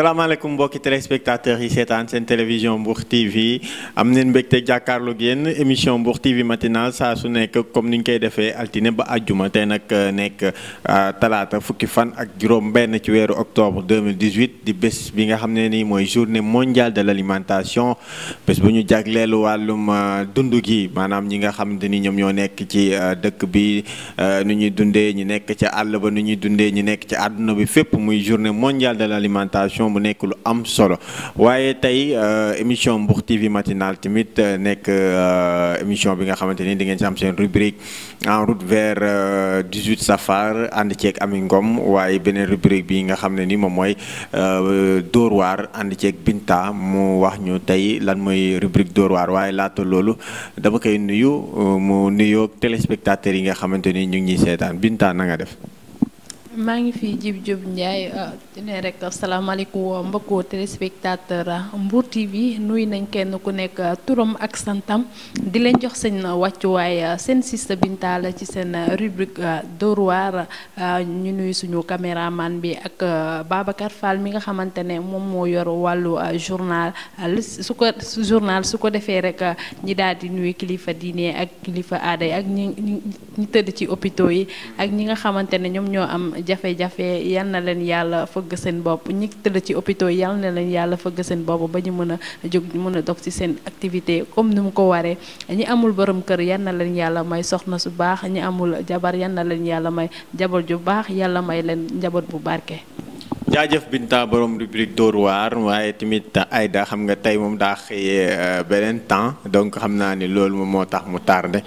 salaamaaleykum mbokki téléspectateurs ici à Antenne télévision Mbour TV am neen mbégte Guen émission Mbour TV matinale ça su nek comme ni ñu koy defee altine ba aljuma té nak euh, nek euh, talata fukki fan ak juroom ben ci weeru octobre 2018 di bés bi nga xamné ni moy journée mondiale de l'alimentation. alimentation bés bu ñu jagleel wàllum euh, dund gi maanaam ñi nga xamné ni ñom ñoo nek ci dëkk bi ñu ñuy dundé ñi n'ek ci àll ba ñu ñuy dundé ñi nek ci aduna bi fépp muy journée mondiale de l'alimentation. mu nekk lu am solo waaye tey euh, émission Mbour TV matinale tamit euh, nekk euh, émission bi nga xamante ni di ngeen si am seen rubrique en route vers 18 safar ànd ceeg Ami Ngom waaye beneen rubrique bi nga xam ne ni moom mooy Dóor waar ànd ceeg Binta mu wax ñu tey lan mooy rubrique Dóor waar waaye laata loolu dama koy nuyu mu nuyoo téléspectateurs yi nga xamante ni ñu ngi ñuy seetaan Binta na nga def. maa ngi fi Djib Diop Ndiaye euh, di ne rek salaamaaleykum mbokku téléspectateur Mbour TV nuyu nañ kenn ku nekk euh, turam ak santam di leen jox seen wàccuwaay euh, seen sista Binta ci seen rubrique Dóor waar ñu nuyu suñu caméraman bi ak Babacar Fall mi nga xamante ne moom moo yor wàllu journal su ko journal su ko defee rek ñi daal di nuyu kilifa diine ak kilifa aada yi ak ñi ñi tëdd ci hôpitaux yi ak ñi nga xamante ne ñoom ñoo am. jafe-jafe yal na leen yàlla fëgg seen bopp ñi tëdd ci hôpitaux yal na leen yàlla fëgg seen bopp ba ñu mën a jóg mën a dog ci seen activité comme ni mu ko waree ñi amul borom kër yal na leen yàlla may soxna su baax ñi amul jabar yal na leen yàlla may jabar ju baax yàlla may leen njaboot bu barke jaajëf Binta borom rubrique Dóor war waaye tamit ayda xam nga tey moom daa xëyee euh, beneen temps donc xam ni loolu moom moo tax mu tardé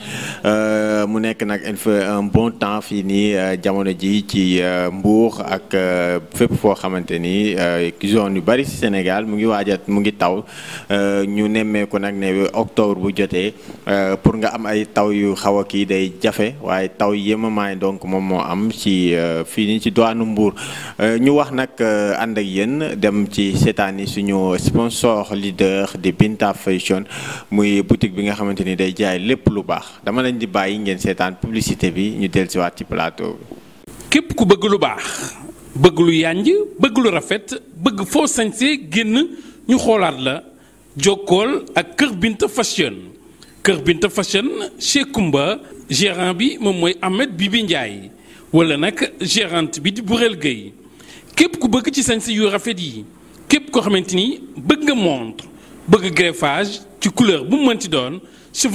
euh, mu nekk nag il fait un bon temps fii nii euh, jamono ji ci Mbour ak fépp foo xamante ni zone yu bari si Sénégal mu ngi waajat mu ngi taw ñu nemmeeku nag ne octobre bu jotee pour nga am ay taw yu xaw a kii day jafe waaye taw yemamaay donc moom moo am ci fii nii ci doanu Mbour ñu wax nag Euh, ànd ak yéen dem ci seetaani suñu sponsor leader di Binta Fashion muy boutique bi nga xamante ni day jaay lépp lu baax dama leen di bàyyi ngeen seetaan publicité bi ñu dellusiwaat ci plateau képp ku bëgg lu baax bëgg lu yànj bëgg lu rafet bëgg foo sañsee génn ñu xoolaat la jokkool ak kër Binta Fashion kër Binta Fashion chez gérant bi moom mooy Ahmed bi njaay wala nag gérante bi di Burel Gueye. képp ku bëgg ci sañse yu rafet yi képp koo xamante bëgg nga montre bëgg greffage ci couleur bu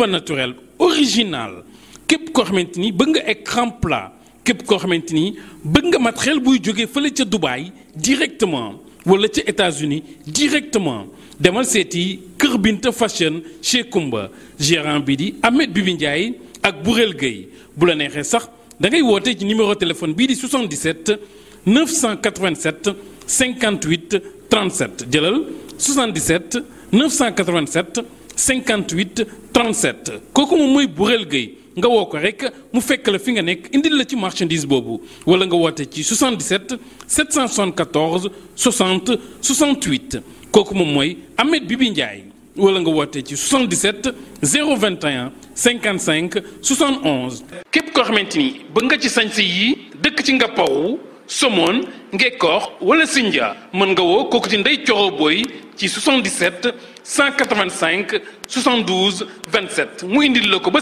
naturel original képp koo xamante ni bëgg nga écran plat képp koo bëgg nga Dubaï directement wala États-Unis directement demal seeti Kër Fashion chez Kumba gérant bi di Ahmed Bibi Ndiaye ak Bourel Gueye bu la neexee sax da ngay ci numéro téléphone bii di 77. 987 58 37 vingt 77 987 58 37 sept moom soixante Burel sept nga cent ko rek mu fekk la fi nga indil la ci marchandise bobu wala nga ci 77 774 60 68 kooku Ahmed Bibi Ndiaye wala nga ci 77 021 55 71. kep ko xamanteni be nga ci Somon Ngekor wala SINJA. mën nga woo qui 77 185 72 27 mu indil la Ou ba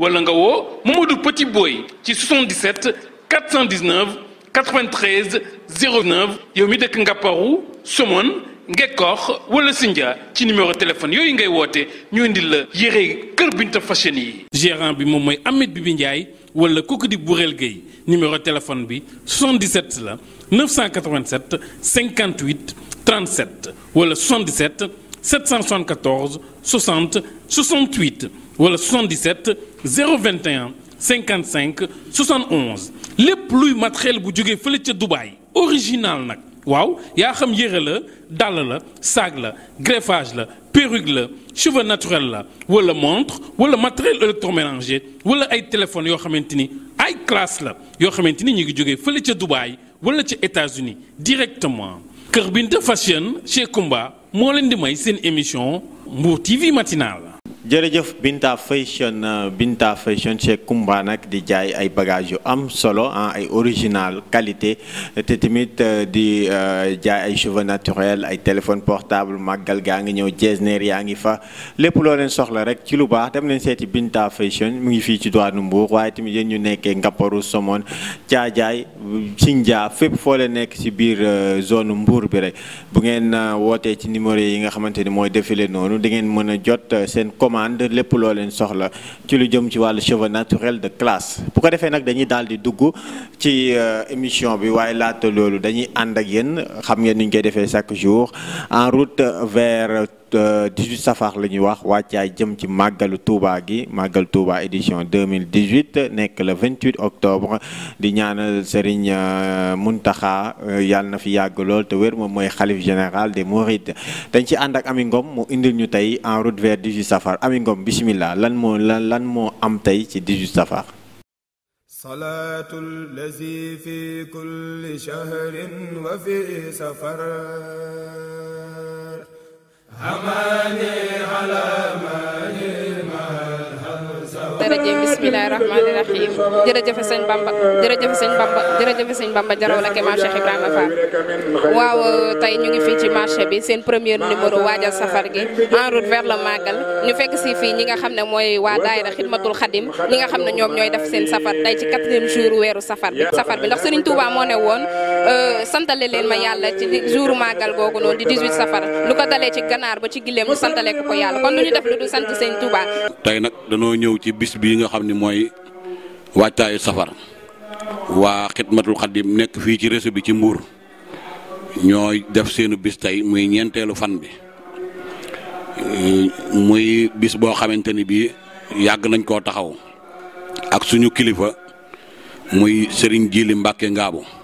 Momo wala Petit Boy ci 77 419 93 09 yow de dëkk Ngaparou Somone Ngekor wala Sindia ci numéro téléphone le ngay Yere ñu indil la gérant Ahmed Bibi ou wala Bourel numéro téléphone bi 77 987 58 37 le 77 774 60 68 le 77 021 55 71 les pluies matériel bu jógee fele original waaw yaa xam yére la dàll la saag la greffage la perruque cheveux la wala montre wala matériel électroménager wala ay téléphone yoo xamante ni ay classe la yoo xamante ni ngi jógee Dubaï wala ca États-Unis directement Kër de Fashion chez Kumba moo leen di émission TV matinale jërëjëf Binta Fashion euh, Binta Fashion chez Kumba nak di jaay ay bagages yu am solo ah ay original qualité té tamit euh, di euh, jaay ay cheveux naturels ay téléphone portable magal ga nga ñëw jeesneer ya nga fa lépp lo leen soxla rek ci lu baax dem leen séti Binta Fashion mu ngi fi ci doonu Mbour waye tamit ñu nekké ngaporu Somone Caajaay Sindia fépp fo le nekk si biir zone Mbour bi rek bu ngeen woté ci numéro yi nga ni défilé nonu di ngeen mëna jot seen commande lepp loo leen soxla ci lu jëm ci naturel de classe bu ko dañuy euh, émission bi dañuy ak chaque jour en route vers 18 euh, safar lañuy ñuy wax wàccaay jëm ci màggalu Touba gi magal Touba édition 2018 nek le 28 octobre di ñaanal Serigne euh, Mountakha euh, yàlla na fi yag lool te wër mom moy khalife général des Mourides dañ ci ànd ak Ami Ngom mu indil ñu tay en route vers 18 safar Ami Ngom bisimilah lan mo lan mo am tay ci 18 safar. salaatul lazi fi kulli shahrin wa fi safar. jërëjëf bismillaahi rahmaani rahiim jërëjëf sëñ Bamba jërëjëf sëñ Bamba jërëjëf sëñ Bamba jaraw la ke maam Cheikh Ibrahima Fall waaw tey ñu ngi fii ci marché bi seen premier numéro waajal safar gi en route vers le Magal ñu fekk si fii ñi nga xam ne mooy waa daayira xidmatul xadim ñi nga xam ne ñoom ñooy def seen safar tey ci quatrième jour weeru safar bi safar bi ndax Sëriñ Tuubaa moo ne woon Euh, santale leen ma yàlla ci jour màggal googu noonu di 18 safar lu ko dalee ci ganaar ba ci gileem santale ko ko yàlla kon lu ñu def lu du sant sëñ Touba. tey nag danoo ñëw ci bis bii nga xam ni mooy waajtaayu safar waa xidmatul xadim nekk fii ci réseau bi ci Mbour ñooy def seenu bis tey muy ñeenteelu fan bi muy bis boo xamante ni bii yàgg nañ koo taxaw ak suñu kilifa muy sëriñ Jili Mbacke Ngaabu.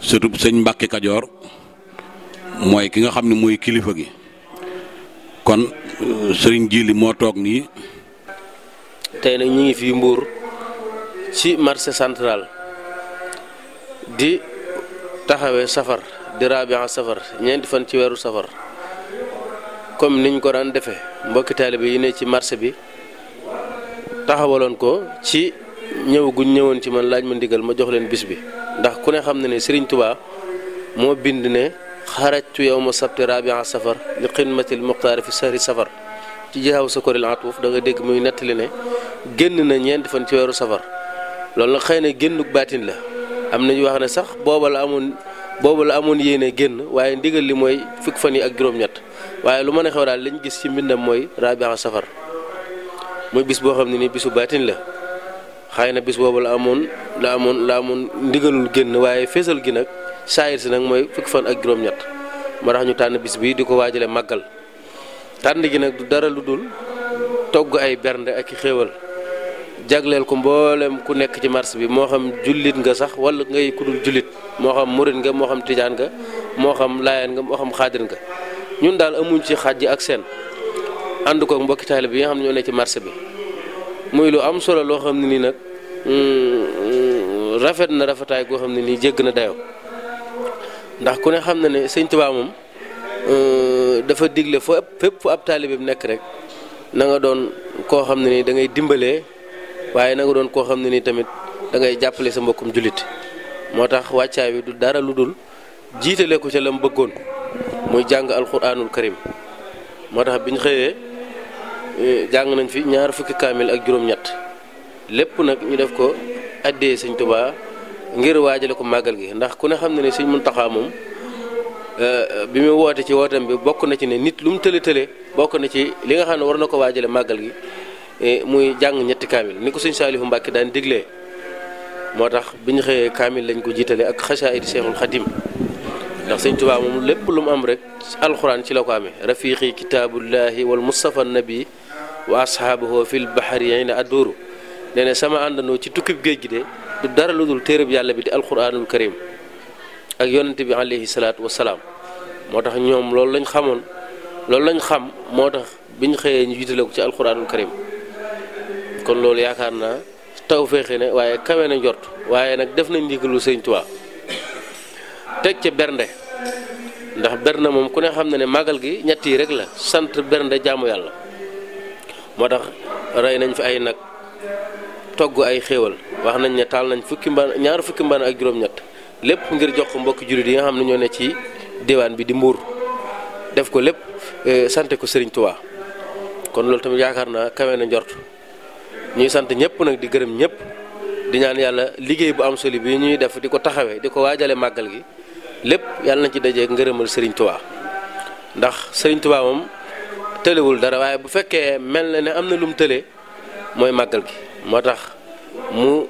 surtout sëñ Mbacke kadior moy ki nga xamni moy kilifa gi kon euh, sëriñ Jili mo tok ni tay na ñi ngi Mbour ci marché central di taxawé safar di rabi'a safar ñeenti fan ci wéru safar comme niñ ko daan défé mbokki talibé yi ne ci marché bi taxawalon ko ci. ñëw guñ ñëwoon ci man laaj ma ndigal ma jox leen bis bi ndax ku ne xam na ne Serigne Touba moo bind ne xarajtu yow ma sabti rabia safar li xidmatil muxtaar fi sahri safar ci jaaw sa koril atuuf da nga dégg muy li ne génn na ñeenti fan ci weeru safar loolu nag xëy na génnuk baatin la am na ñu wax ne sax booba la amoon boobu la amoon yéene génn waaye ndigal li mooy fukki fan yi ak juróom-ñett waaye lu mën a xew daal lañ gis ci mbindam mooy rabia safar muy bis boo xam ne ni bisu baatin la xëy na bis boobu la amoon la amoon la amoon ndigalul génn waaye feesal gi nag saayir si nag mooy fukki fan ak juróom-ñett moo tax ñu tànn bis bi di ko waajale màggal tànn gi nag du dara lu dul togg ay bernde ak i xéewal jagleel ko mboolem ku nekk ci mars bi moo xam jullit nga sax wala ngay kudul jullit moo xam murit nga moo xam tijaan nga moo xam laayaan nga moo xam xaadir nga ñun daal amuñ ci xaj ak seen ànd koog mbokki taalibe bi nga xam ne ñoo ne ci mars bi muy lu am solo loo xam ne nii nag mm, rafet na rafetaay goo xam ne nii jégg na dayo ndax ku ne xam na ne sëñ Tuubaa moom euh, dafa digle foo fépp fu ab taalibe bi nekk rek na nga doon koo xam ne nii da ngay dimbalee waaye na nga doon koo xam ne nii tamit dangay jàppale sa mbokkum jullit moo tax wàccaay wi du dara lu dul jiitale ko ca lam mu bëggoon muy jàng alxuraanul karim moo tax bi ñu jàng nañ fi ñaar fukki kaamil ak juróom-ñett lépp nag ñu def ko addee sëñ tubaa ngir waajale ko màggal gi ndax ku ne xam ne ne mun Muntaxaa moom euh, bi mu woote ci wootam bi bokk na ci ne nit lu mu tële tële bokk na ci li nga xam ne war na ko waajale màggal gi eh, muy jàng ñetti kaamil ni ko sëñ Saalihu Mbàkke daan diglee moo tax bi ñu xëyee kaamil lañ ko jiitale ak xasaayid Seexul Xadim ndax sañ tubaa moom lépp lu mu am rek alxuraan ci la ko amee rafiqi kitaabullahi wa ashaabahu fil bahri yayna adduuru nee ne sama àndandoo ci tukkib géej gi de du dara lu dul téereb yàlla bi di alquranul karim ak yonente bi alayhi salaatu wasalaam moo tax ñoom loolu lañ xamoon loolu lañ xam moo tax biñ xëyee ñu jiitale ci alquranul karim kon loolu yaakaar naa taw féexi ne waaye kawe na njort waaye nag def nañ ndigalu sëñ Tuubaa teg ca bernde ndax bernde moom ku ne xam na ne màggal gi ñett yi rek la sant bernde jaamu yàlla moo tax rey nañ fi ay nag togg ay xéewal wax nañ ne taal nañ fukki mbaan ñaar fukki mbaan ak juróom-ñett lépp ngir jox ko mbokki jullit yi nga xam ne ñoo ne ci diwaan bi di mbuur def ko lépp eh, sante ko Serigne Touba kon loolu tamit yaakaar naa kawe na njort ñuy sant ñëpp nag di gërëm ñëpp di ñaan yàlla liggéey bu am soli bi ñuy def di ko taxawee di ko waajale màggal gi lépp yàlla na ci dajeeg ngërëmal Serigne Touba ndax Serigne Touba moom. tëlewul dara waaye bu fekkee mel na ne am na lum tële mooy màggal gi moo tax mu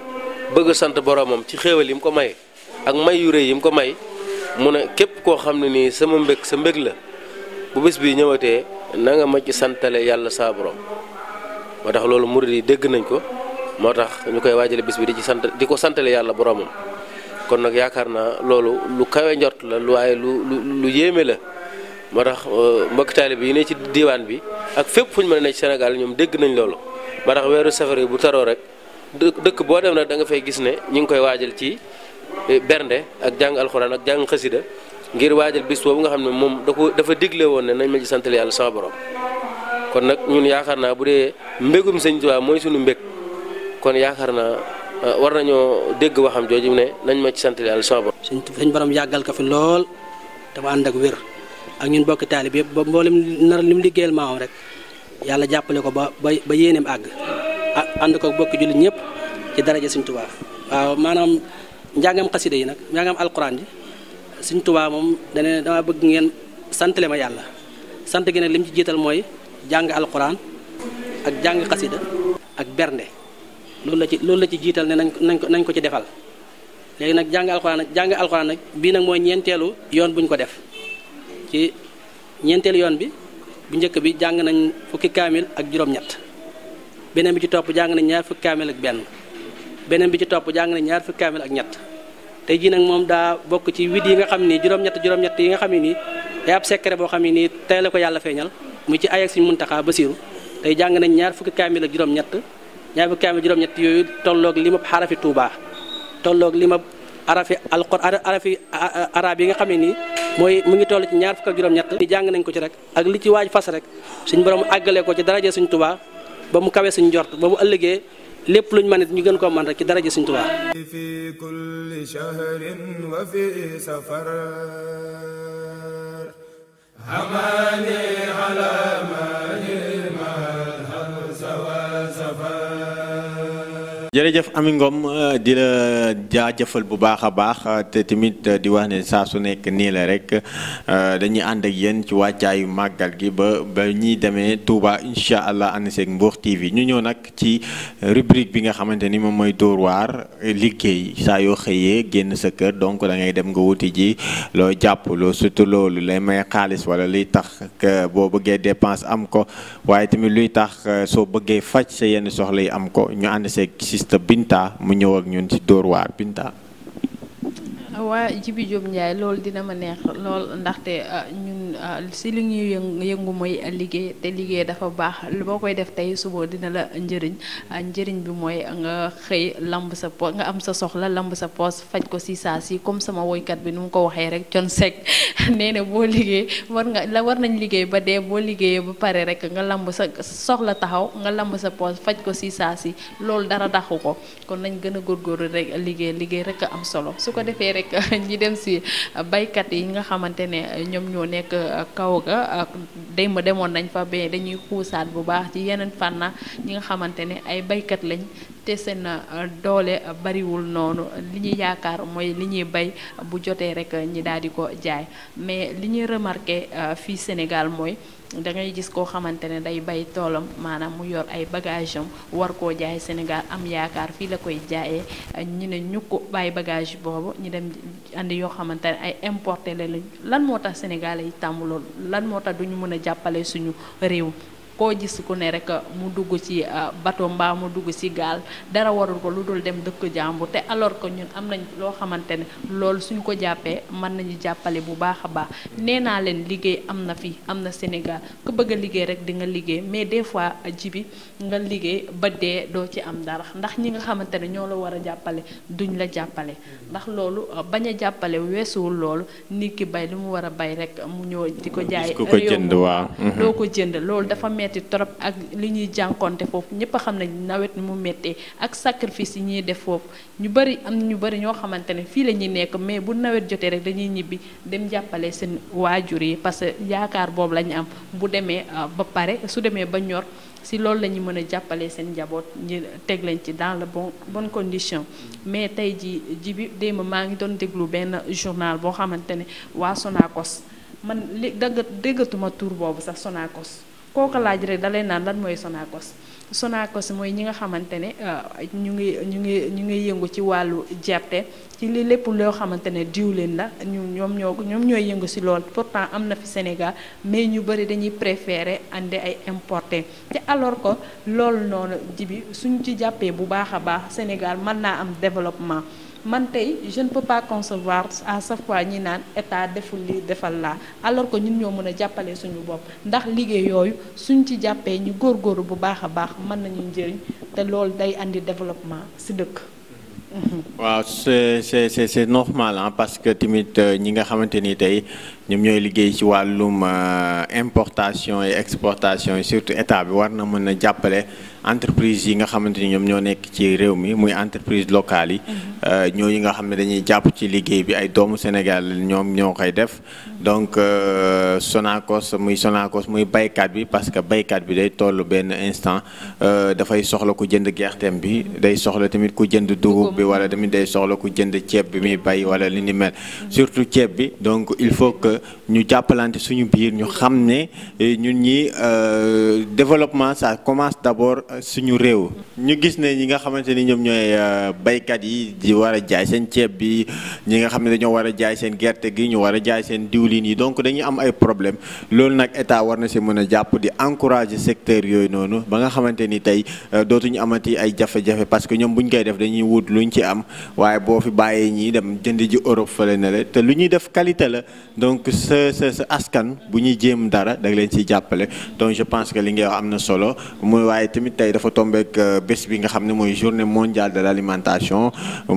bëgg sant boromam ci xéewal yi mu ko may ak may yu rey yi mu ko may mu ne képp koo xam ne nii sama mbég sa mbég la bu bés bi ñëwatee nanga ma ci santale yàlla saa moo tax loolu murid yi dégg nañ ko moo tax ñu koy waajale bis bi di ci sant di ko santale yàlla boromam kon nag yaakaar naa loolu lu kawe njort la lu waaye lu lu lu yéeme la moo tax euh, mbokk taalib yi ne ci diwaan bi ak fépp fu ñu mën ne ci Sénégal ñoom dégg nañ loolu moo tax weeru safar bu taroo rek dëkk boo dem nag danga nga fay gis ne ñu ngi koy waajal ci e, bernde ak jàng alxuraan ak jàng xasida ngir waajal bis boobu nga xam ne moom da dafa digle woon ne nañ ma santale santal sax sama borom kon nag ñun yaakaar naa bu dee mbégum sëñ Tuubaa mooy suñu mbég kon yaakaar naa euh, war nañoo dégg waxam jooju ne nañ ma ci santal yàlla sama borom. sëñ borom yàggal ko fi lool te ànd ak wér. ak ñun bokk talib yëpp ba mboolem nar lim liggéeyal maamam rek yàlla jàppale ko ba ba ba yéeneem àgg ànd ko bokk julli ñëpp ci daraja suñ tubaa waaw maanaam njàngam xasida yi nag njàngam alquran ji suñ tubaa moom dane dama bëgg ngeen santale ma yàlla sant gi nag lim ci jiital mooy jàng alquran ak jàng xasida ak bernde loolu la ci loolu la ci jiital ne nañ ko nañ ko nañ ko ci defal léegi nag jàng alquran jàng alquran nag bii nag mooy ñeenteelu yoon buñ ko def ci ñeenteel yoon bi bu njëkk bi jàng nañ fukki kaamil ak juróom-ñett beneen bi ci topp jàng nañ ñaar fukki kaamil ak benn beneen bi ci topp jàng nañ ñaar fukki kaamil ak ñett tey jii nag moom daa bokk ci wid yi nga xam ni juróom-ñett juróom-ñett yi nga xam ne nii day ab secret boo xam ne nii tey la ko yàlla feeñal mu ci ay ak suñu muntaxaa basiru tey jàng nañ ñaar fukki kaamil ak juróom-ñett ñaar juróom-ñett yooyu tolloog li ma xarafi tuuba tolloog li ma arafi yi nga xam ne mooy mu ngi toll ci ñaar fukk ak juróom-ñett li jàng nañ ko ci rek ak li ci waaj fas rek suñ borom àggale ko ci daraje suñ tubaa ba mu kawee suñ jort ba mu ëllëgee lépp lu luñ mën ñu gën koo mën rek ci daraje suñ tubaa fi kulli shahrin wa fi safar amani ala mani jërëjëf Amy Ngom euh, di la jaajëfal bu baax a baax euh, te tamit euh, di wax ne saa su nekk nii la rek dañuy ànd ak yéen ci wàccaayu màggal gi ba ba ñuy demee Touba incha allah ànd seeg Mbour TV ñu ñëw nag ci rubrique bi nga xamante ni moom mooy Dóor liggéey saa yoo xëyee génn sa kër donc dangay dem nga wuti ji loo jàpp loo surtout loolu lay may xaalis wala luy tax boo bëggee dépense am ko waaye tamit luy tax soo bëggee faj sa yenn soxla yi am ko ñu ànd seeg Binta mu ñëw ak ñun ci Dóor waar Binta. waa Djibi Diop lol di dina ma neex lool ndaxte euh, ñun ci euh, li ñuy yëngu moy liggéey te liggéey dafa baax lu koy def tay subo dina la njëriñ euh, njëriñ bi moy nga xey lamb sa po nga am sa soxla lamb sa pos fajj ko ci sa ci comme sama kat bi num ko waxee rek cion sec nee bo war nga la war nañ liggéey ba dee bo liggéeyee ba pare rek nga lamb sa soxla taxaw nga lamb sa pos fajj ko ci sa ci loolu dara taxuko kon nañ gëna a gor rek liggéey rek am solo su ko defee rek rek ñi dem si baykat yi nga xamante ne ñoom ñoo nekk euh, kaw ga démb demoon nañ fa dañuy xuusaat bu baax ci yeneen fànna ñi nga xamante ne ay baykat lañ te seen euh, doole bariwul noonu li ñuy yaakaar mooy li ñuy bay bu jotee rek ñi daal di ko jaay mais li ñuy remarqué euh, fii Sénégal mooy da gis koo xamante ne day bay toolam maanaam mu yor ay bagage war koo jaay Sénégal am yaakaar fii la koy jaaye ñi ne ñu ko bàyyi bagage boobu ñu dem indi yoo xamante ne ay importé la lan moo tax Sénégalais yi tàmm loolu lan moo tax duñu mën a jàppale suñu réew koo gis ku ne rek mu dugg ci euh, bato mbaa mu dugg ci gaal dara warul ko lu dul dem dëkk jàmbur te alors que ñun am nañ loo xamante ne loolu suñ ko jàppee mën nañu jàppale bu baax a baax nee naa leen liggéey am na fi am na Sénégal ku bëgg a liggéey rek di nga liggéey mais des fois ji bi nga liggéey ba dee doo ci am dara ndax ñi nga xamante ne ñoo la war a jàppale duñ la jàppale ndax loolu euh, bañ a jàppale weesuwul loolu nit ki bay li mu war a bay rek mu ñëw di ko jaay metti trop ak li ñuy jànkonte foofu ñëpp xam nañ nawet mu méttee ak sacrifice yi ñuy def foofu ñu bëri am ñu bëri ñoo xamante ne fii la ñuy nekk mais bu nawet jotee rek dañuy ñibbi dem jàppale seen waajur yi parce que yaakaar boobu la ñu am bu demee euh, ba pare su demee ba ñor si loolu la ñu mën a jàppale seen njaboot ñu teg lañ ci dans la bon bonne condition mais tey ji jibi bi démb maa ngi doon déglu benn journal boo xamante ne waa Sonacos man li dagg déggatuma tur boobu sax Sonacos kooka laaj rek da naan lan mooy Sonacos Sonacos mooy ñi nga xamante ne euh, ñu ngi ñu ngi ñu ngi yëngu ci wàllu gerte ci li lépp loo xamante ne diwlin la ñu ñoom ñoo ñoom ñooy yëngu si lool pourtant am na fi Sénégal mais ñu bëri dañuy préférer indi ay importé te alors ko loolu noonu jibi suñ ci jàppee bu baax a baax Sénégal mën naa am développement man tey je ne peux pas concevoir à chaque fois ñi naan état deful li defal la alors que ñun ñoo mën a jàppale suñu bopp ndax liggéey yooyu suñ ci jàppee ñu góorgóorlu bu baax a baax mën nañu njëriñ te loolu day andi développement si dëkk. waaw c'est c'est c'est normal ah parce que tamit euh, ñi nga xamante ni tey ñoom ñooy liggéey ci wàllum euh, importation et exportation surtout état bi war na mën a jàppale. entreprise yi nga xamante ni ñoom ñoo nekk ci réew mi muy entreprise locale yi mm-hmm. euh, ñooñu nga xam ne dañuy jàpp ci liggéey bi ay doomu Sénégal ñoom ñoo koy def mm-hmm. donc euh, Sonacos muy Sonacos muy baykat bi parce que baykat bi day tollu benn instant mm-hmm. euh, dafay soxla ku jënd gerteem bi day soxla tamit ku jënd dugub bi wala tamit day soxla ku jënd ceeb bi muy bay wala li ni mel surtout ceeb bi donc il faut que ñu jàppalante suñu biir ñu xam ne eh, ñun ñi euh, développement sa commence d'abord euh, suñu réew. ñu gis ne ñi nga xamante ni ñoom ñooy euh, baykat yi di war a jaay seen ceeb bi ñi nga xam ne dañoo war a jaay seen gerte gi ñu war a jaay seen diwlin yi donc dañuy am ay problème loolu nag état war na si mën a jàpp di encourager secteur yooyu noonu ba nga xamante ni tey dootuñu amati ay jafe-jafe parce que ñoom buñ koy def dañuy wut lu luñ ci am waaye boo fi bàyyee ñii dem jënd ji Europe fële te lu ñuy def qualité la sa sa askan bu ñuy jéem dara da nga leen ciy jàppale donc je pense que li nga am na solo mooy waaye tamit tey dafa tombeek euh, bés bi nga xam ne mooy journée mondiale de alimentation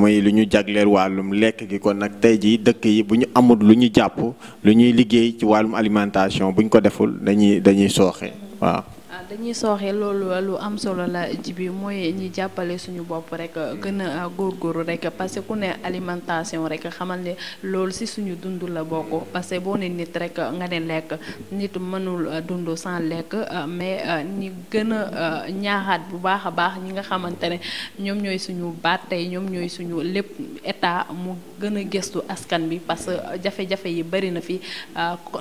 mooy lu ñu jagleel wàllum lekk gi kon nag tey jii dëkk yi bu ñu amul lu ñu jàpp lu ñuy liggéey ci wàllum alimentation bu ñu ko deful dañuy dañuy sooxe dañuy sooxee loolu lu am solo la ji bi mooy ñi jàppale suñu bopp rek mm. gën a góorgóorlu rek parce que ku ne alimentation rek xamal ne loolu si suñu dund la bokk parce que boo ne nit rek nga ne lekk nit mënul euh, dund sans lekk euh, mais euh, ñi gën a ñaaxaat bu baax a baax ñi nga xamante ne ñoom ñooy suñu baat tey ñoom ñooy suñu lépp état mu gën a gëstu askan bi parce que jafe-jafe yi bëri na fi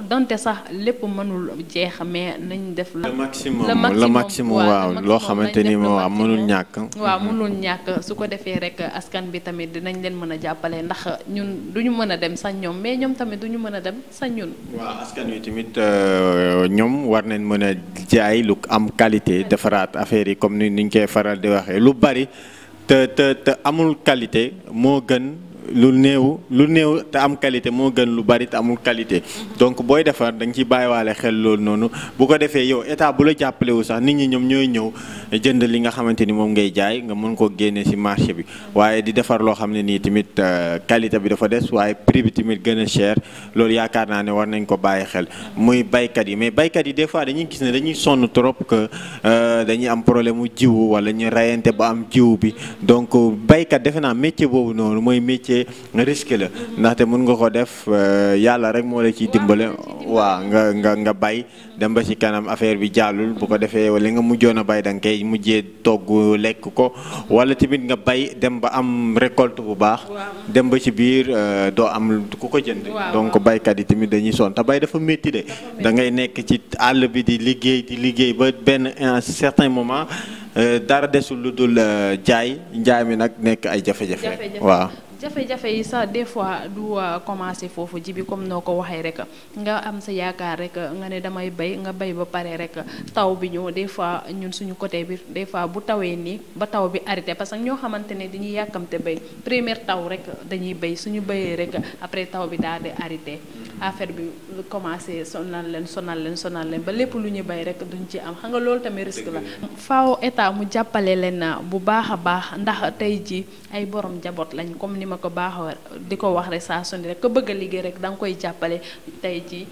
donte sax lépp mënul jeex mais nañ def. le maximum le maximum waaw loo xamante ni moo mënul ñàkk. waaw mënul ñàkk su ko defee rek euh, askan bi tamit dinañ leen mën a jàppale ndax ñun du ñu mën a dem sax ñoom mais ñoom tamit du ñu mën a dem sañ ñun. waaw askan wi tamit euh, ñoom war nañ mën a jaay lu am qualité defaraat affaire yi comme ni ñu koy faral di waxee lu bari te te amul qualité moo gën. lu néew lu néew te am qualité moo gën lu bari te amul qualité donc booy defar dañ nga ciy bàyyiwaale xel loolu noonu bu ko defee yow état bu la jàppalewu sax nit ñi ñoom ñooy ñëw jënd li nga xamante ni moom ngay jaay nga mën ko génne ci marché bi waaye di defar loo xam ne nii tamit euh, qualité bi dafa des waaye prix bi tamit gën a cher loolu yaakaar naa ne war nañ ko bàyyi xel muy baykat yi mais baykat yi des fois dañuy gis ne dañuy sonn trop que euh, dañuy am problème mu jiwu wala ñu rayante ba am jiwu bi donc assez risqué la ndaxte mun nga ko def euh, yàlla rek moo la ciy dimbale waa nga nga nga bay dem ba ci kanam affaire bi jàllul bu ko defee li nga mujjoon a bay da mujjee togg lekk ko wala tamit nga bay dem ba am récolte bu baax dem ba ci biir euh, doo am ku ko jënd donc baykat yi tamit dañuy sonn te bay dafa métti de da ngay nekk ci àll bi di liggéey di liggéey ba benn un certain moment euh, dara desul lu dul jaay njaay mi nag nekk ay jafe-jafe waaw jafe-jafe yi sax des fois du euh, commencé foofu ji bi comme noo ko waxee rek nga am sa yaakaar rek nga ne damay bay nga bay ba pare rek taw bi ñëw des fois ñun suñu côté bi des fois bu tawee nii ba taw bi arrêté parce que ñoo xamante ne dañuy yàkkamte bay premier taw rek dañuy bay suñu bayee rek après taw bi daal di arrêté affaire bi commencé sonal leen sonal leen sonal leen ba lépp lu ñu bay rek duñ ci am xam nga loolu tamit risque la faaw état mu jàppale leen bu baax a baax ndax tey ji ay borom jabot lañ comme ni ma ko baaxoo di ko wax rek saa su rek ko bëgg a liggéey rek danga koy jàppale tey jii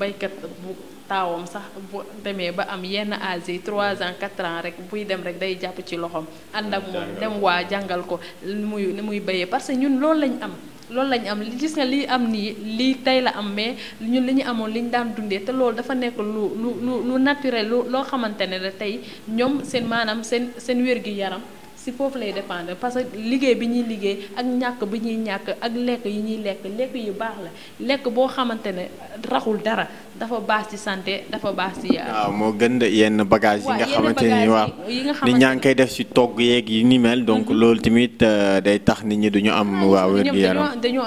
baykat bu taawam sax bu demee ba am yenn âge trois 3 quatre 4 rek buy dem rek day jàpp ci loxoom ànd ak moom dem waa jàngal ko lu muy lu muy béyee parce que ñun loolu lañ am loolu lañ am gis nga li am nii lii tey la am mais ñun li ñu amoon li ñu daan dundee te loolu dafa nekk lu lu lu lu naturel loo xamante ne la tey ñoom seen maanaam seen seen wér gi yaram si foofu lay dépendre parce que liggéey bi ñuy liggéey ak ñàkk bi ñuy ñàkk ak lekk yi ñuy lekk lekk yu baax la lekk boo xamante ne raxul dara dafa baax ci santé dafa baax ci. waaw moo gën de yenn bagage yi nga xamante ni waaw ñaa ngi koy def ci togg yéeg yi ni mel donc mhm. loolu tamit euh, day tax nit ñi duñu am. waaw wér-gu-yaram dañoo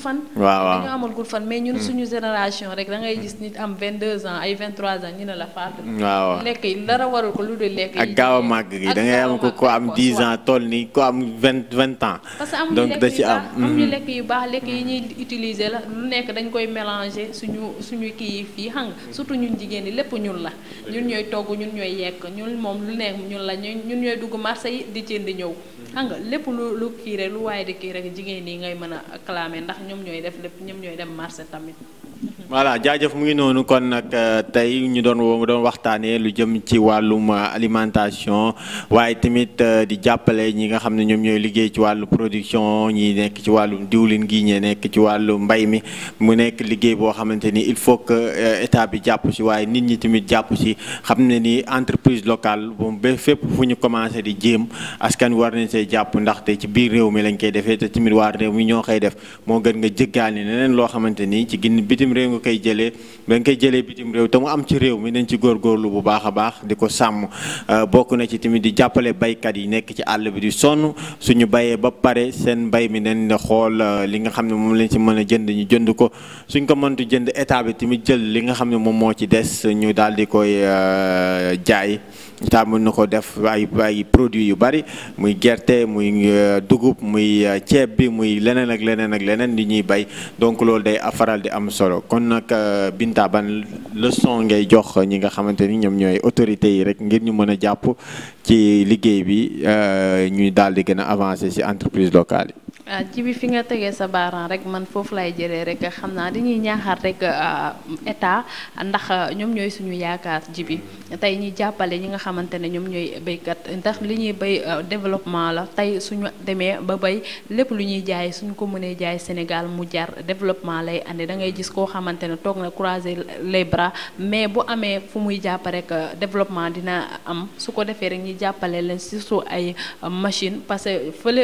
fan. waaw waaw dañoo amal fan mais ñun mhm. suñu génération rek da ngay gis nit am 22 ans ay 23 ans ñu ne la faatu. waaw lekk yi dara warul ko lu dul lekk ak gaaw a màgg gi da 10 ans 20 20 ans. donc da ci am hmm. lek yu baax lek yi ñuy utiliser la lu nek dañ koy mélanger suñu suñu Ils yi surtout ñun jigéen lepp ñun la. ñun ñoy togg ñun ñoy yek ñun mélangés. lu nek ñun la ñun ñoy dugg marché di lu lu lu rek ngay ndax def dem marché tamit. voilà jaajëf mu ngi noonu kon nag euh, tey ñu doon woo doon waxtaanee lu jëm ci wàllum euh, alimentation waaye tamit euh, di jàppale ñi nga xam ne ñoom ñooy liggéey ci wàllu production ñi nekk ci wàllum diwlin gi ñi nekk ci wàllu mbay mi mu nekk liggéey boo xamante ni il faut que état bi jàpp si waaye nit ñi tamit jàpp si xam ne ni entreprise locale moom ba fépp fu ñu commencé di jéem askan war nañ see jàpp ndaxte ci biir réew mi lañ koy defee te tamit waar réew mi ñoo koy def moo gën nga jëggaani leneen loo xamante ni ci gin bitim réew nga koy jëlee ba nga koy jëlee bitim réew te mu am ci réew mi nañ ci góorgóorlu bu baax a baax di ko sàmm euh, bokk na ci tamit di jàppale baykat yi nekk ci àll bi di sonn ñu bayee ba pare seen mbay mi nañ ne xool euh, li nga xam ne moom lañ ci mën a jënd ñu jënd ko suñ ko mëntu jënd état bi tamit jël li nga xam ne moom moo ci des ñu daal di koy euh, jaay taamu na ko def ay ay produits yu bari muy gerte muy euh, dugub muy euh, ceeb bi muy leneen ak leneen ak leneen li ñuy bay donc loolu day faral di am solo kon nag euh, Binta ban leçon ngay jox ñi nga xamante ni ñoom ñooy autorités yi rek ngir ñu mën a jàpp ci liggéey bi ñu daal di gën a avancer ci entreprise locale yi. waaw euh, ci fi nga tegee sa baaraan rek man foofu lay jëlee rek xam naa dañuy ñaaxaat rek euh, état ndax euh, ñoom ñooy suñu yaakaar ji bi tey ñi jàppale ñi nga xamante ne ñoom ñooy béykat ndax li ñuy béy développement la tey suñu demee ba béy lépp lu ñuy jaay suñu ko mënee jaay Sénégal mu jar développement lay andi da ngay gis koo xamante ne toog na croiser les bras mais bu amee fu muy jàpp rek développement dina am su ko defee rek ñi jàppale leen si su ay machine parce que fële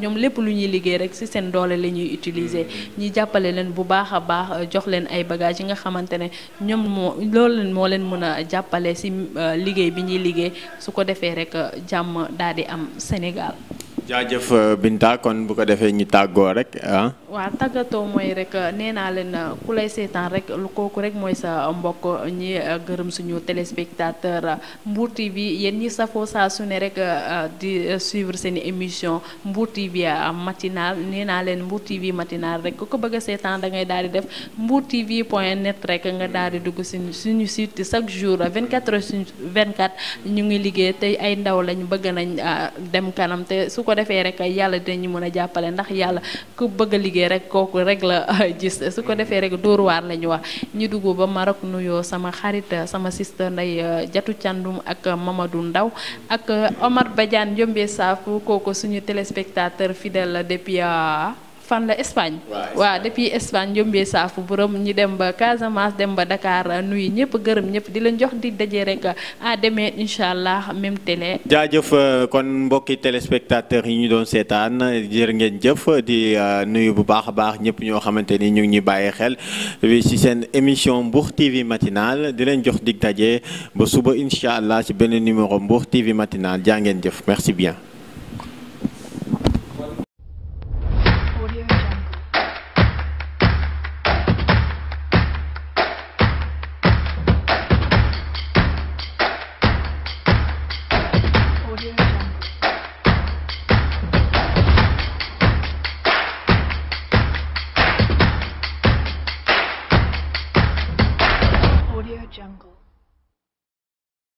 ñoom lépp lu ñuy liggéey rek ci seen doole la ñuy utiliser ñi jàppale leen bu baax a baax euh, jox leen ay bagages yi nga xamante ne ñoom moo loolu moo leen mën a jàppale ci euh, liggéey bi ñuy liggéey su ko defee rek euh, jàmm daal di am Sénégal. jaajëf Binta kon bu ko defee ñu tàggoo rek ah. waaw tàggatoo mooy rek nee naa leen ku lay seetaan rek lu kooku rek mooy sa mbokk ñi euh, gërëm suñu téléspectateur euh, Mbour TV yéen ñi safoo saa su ne rek euh, di suivre seen émission Mbour TV matinal nee naa leen Mbour TV matinal rek ku ko bëgg a seetaan da ngay daal di def Mbour TV point net rek nga daal di dugg suñu suñu site chaque jour 24 heures vingt 24 ñu ngi liggéey tey ay ndaw lañ bëgg nañ dem kanam te su ko defee rek yàlla dinañu mën a jàppale ndax yàlla duggee rek kooku rek la gis su ko defee rek dóor waar la ñu wax ñu dugg ba Maroc nuyoo sama xarit sama sister nday Jatu Candum ak Mamadou Ndaw ak Omar Badiane Ndiombe Safou kooku suñu téléspectateur fidèle depuis ah, fan la Espagne waa depuis Espagne njombee saafu borom ñi dem ba Casamance dem ba Dakar nuyu ñëpp gërëm ñëpp di leen jox di dajee rek a demain incha allah même télé. jaajëf euh, kon mbokki téléspectateurs yi ñu doon seetaan jër ngeen jëf di euh, nuyu bu baax a baax ñëpp ñoo xamante ni ñu ñuy bàyyi xel si seen émission Mbour TV matinale di leen jox dig daje ba suba incha allah si benn numéro Mbour TV matinale jaa ngeen jëf merci bien.